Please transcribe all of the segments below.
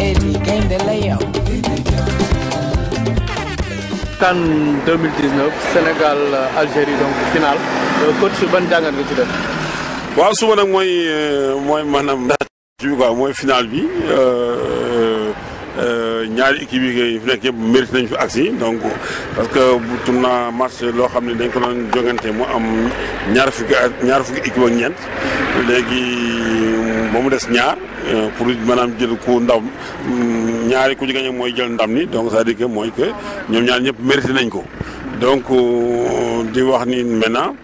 et gagne 2019 Sénégal Algérie donc final euh, coach euh, final euh, donc parce que match ba mu des ñaar euh, pour maanaam jël ku ndam mm, ñaari ku ci mooy jël ndam ni donc cest à que mooy que ñoom ñaar ñëpp mérité nañ ko donc euh, di wax ni maintenant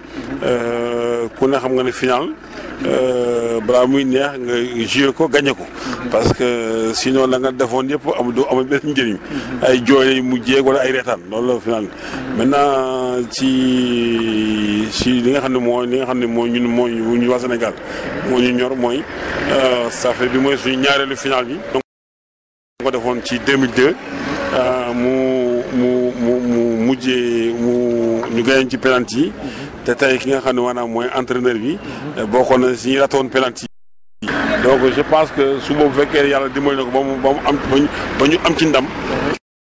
euh, ku ne xam nga ne final Euh, bra muy neex nga joué ko gagné ko. parce que sinon la nga defoon yëpp am du amul benn njëriñ. ay joyé mu jéeg wala ay rétan loolu la final maintenant ci ci li nga xamné moy li nga xamné moy ñun moy ñu wa Sénégal moy ñu ñor moy mooy safe bi mooy suñu ñaareelu final bi. donc ko defoon ci 2002 euh, mu mu mu mu mujjee mu ñu gagné ci penalty c'est un entraîneur vie. donc je pense que sous mon que vous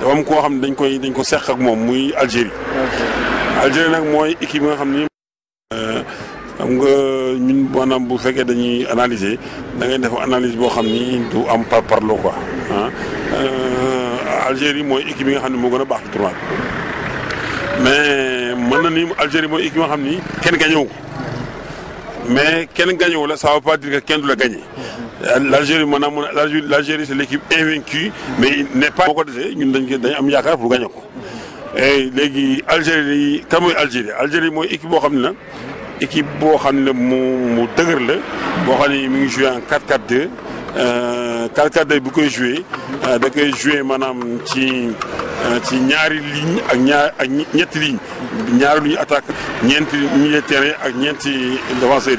dafa am koo xam ne dañ koy dañ ko seq ak moom muy Algérie. Algérie nag mooy équipe nga xam ni. Euh, xam nga ñun maanaam bu fekkee dañuy analyser da ngay def analyse boo xam ni du am par parlo quoi ah. Euh, Algérie mooy équipe bi nga xam ne moo gën baax ci tournoi mais mën na ni Algérie mooy équipe nga xam ni kenn gañewu ko mais kenn gañewu la ça veut pas dire que kenn du la gañe L'Algérie l'Algérie c'est l'équipe invaincue mais n'est pas boo ko desee ñun dañ ko am pour gagner Et léegi Algérie kan mooy Algérie Algérie mooy équipe boo xam na équipe qui xam mu mu la ngi en 4-4-2 4-4-2 euh, bu koy joué euh, da koy joué maanaam ci euh, ci ñaari ligne ak ñaar ak ñetti ligne ñaari ligne attaque ñeenti milieu terrain ak ñeenti défenseurs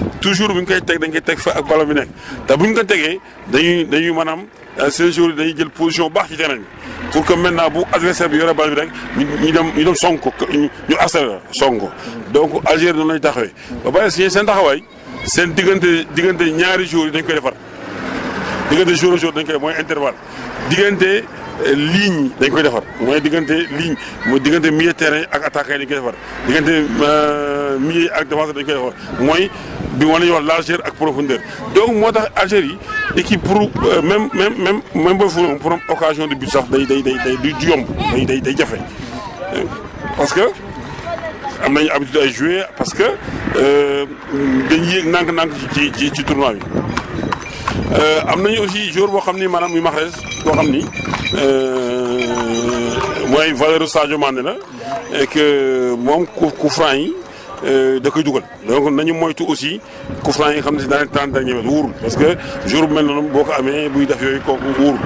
toujours bi ñu koy teg dañ koy teg fa ak ballon bi nekk te bu ñu ko tegee dañuy dañuy maanaam euh, seen joueurs dañuy jël position baax ci terrain bi pour que maintenant bu adversaire bi yore ballon bi rek ñu dem ñu dem song ko ñu accéléré song ko donc Algérie noonu lañu taxawee. ba si seen taxawaay seen diggante diggante ñaari joueurs yi dañ koy defar diggante jour à jour dañ koy mooy intervalle diggante. ligne dañ moi ligne milieu terrain ak euh, milieu ak défense dañ koy bi profondeur donc moi Algérie équipe pour euh, même même même même pour occasion de but sax day day day euh, parce que am nañu jouer parce que dañ yéeg nànk-nànk ci ci tournoi aussi Euh, mooy valeur Sadio Mané la et que moom coup coup franc yi euh, da koy dugal donc nañu moytu aussi coup franc xam ne si daanaka trente dernier mètre wóorul parce que jour bu mel noonu boo ko amee buy def yooyu kooku wóorul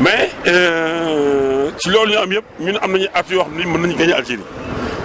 mais euh, ci loolu ñu am yëpp ñun am nañu at yoo xam ne mën nañu gagné Algérie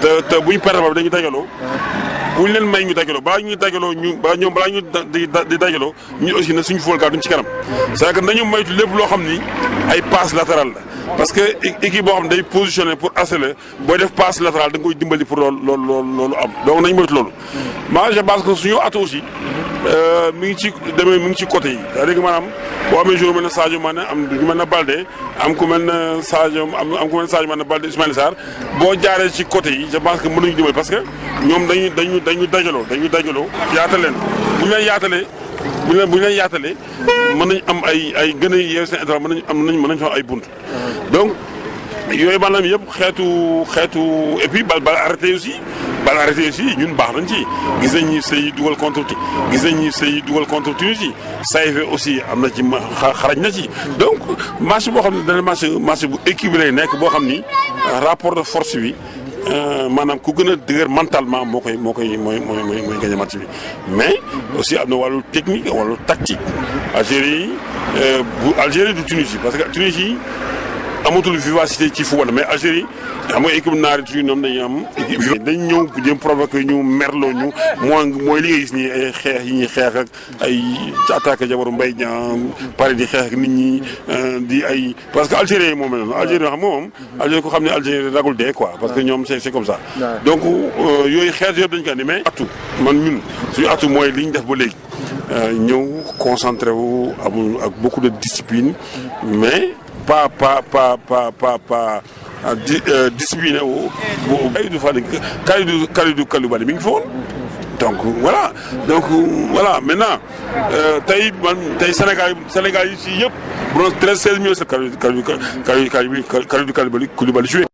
te te bu ñu perte boobu dañuy dajaloo. bu ñu leen may ñu dajaloo balaa ñuy dajaloo ñu ba ñoom balaa ñuy di di dajaloo ñu aussi na suñu fool kaa duñ ci kanam. c'est-à-dire que nañu moytu lépp loo xam ni ay passe latéral la. parce que équipe boo xam day positionné pour assurer booy def passe latéral da nga koy dimbali pour loolu loolu loolu loolu am donc nañ moytu loolu. moi je pense que suñu at aussi. Euh, mi ngi ci demee mu ngi ci côté yi. cest à maanaam boo amee jour mel ne Sadio maana am du mel ne Balde am ku mel ne Sadio am ku mel ne Sadio Mané Balde Ismaïla Sarr boo jaaree ci côté yi je pense que mënuñu dimbali parce que ñoom dañu dañuy dañuy dajaloo dañuy dajaloo. yaatal leen bu ñu leen yaatalee. bu ñu leen bu ñu leen yaatalee mën nañ am ay ay gën a yeew seen mën nañ am mën nañ mën nañ fa ay bunt donc yooyu maanaam yëpp xeetu xeetu et puis bal bal arrêté aussi bal arrêté aussi ñun baax nañ ci gis nañ ni sëy dugal contre ti gis nañ ni sëy dugal contre Tunisie ça sayfe aussi am na ci xarañ na ci donc marché boo xam ne dana marché marché bu équilibré nekk boo xam ni rapport de force bi euh, maanaam ku gën a dëgër mentalement moo koy moo koy mooy mooy mooy match bi mais aussi am na wàllu technique wàllu tactique Algérie euh, bu Algérie du Tunisie parce que Tunisie amatul vivacité ci football mais Algérie am équipe naari toujours ñoom dañuy am équipe dañ ñëw jéem provoquer ñu merlo ñu moy moy li nga gis nii ay xeex yi ñi xex ak ay attaque jabaru mbay ñaan pare di xex ak nit ñi euh, di ay parce que Algérie mom moom Algérie xam mom moom Algérie ko xamni ne Algérie ragul dé quoi parce que ñom c'est c'est comme ça donc euh, yoy xex yëpp dañ ko andi mais atu man ñun suñu atu moy liñ def ba légui euh, ñëw concentré wu amul ak beaucoup de discipline mais pas, pas, pas, pas, pas, pas euh, di euh, discipliné wu du donc voilà donc voilà maintenant euh, t'as man Sénégal Sénégal ici, millions sa Kalidou du calibre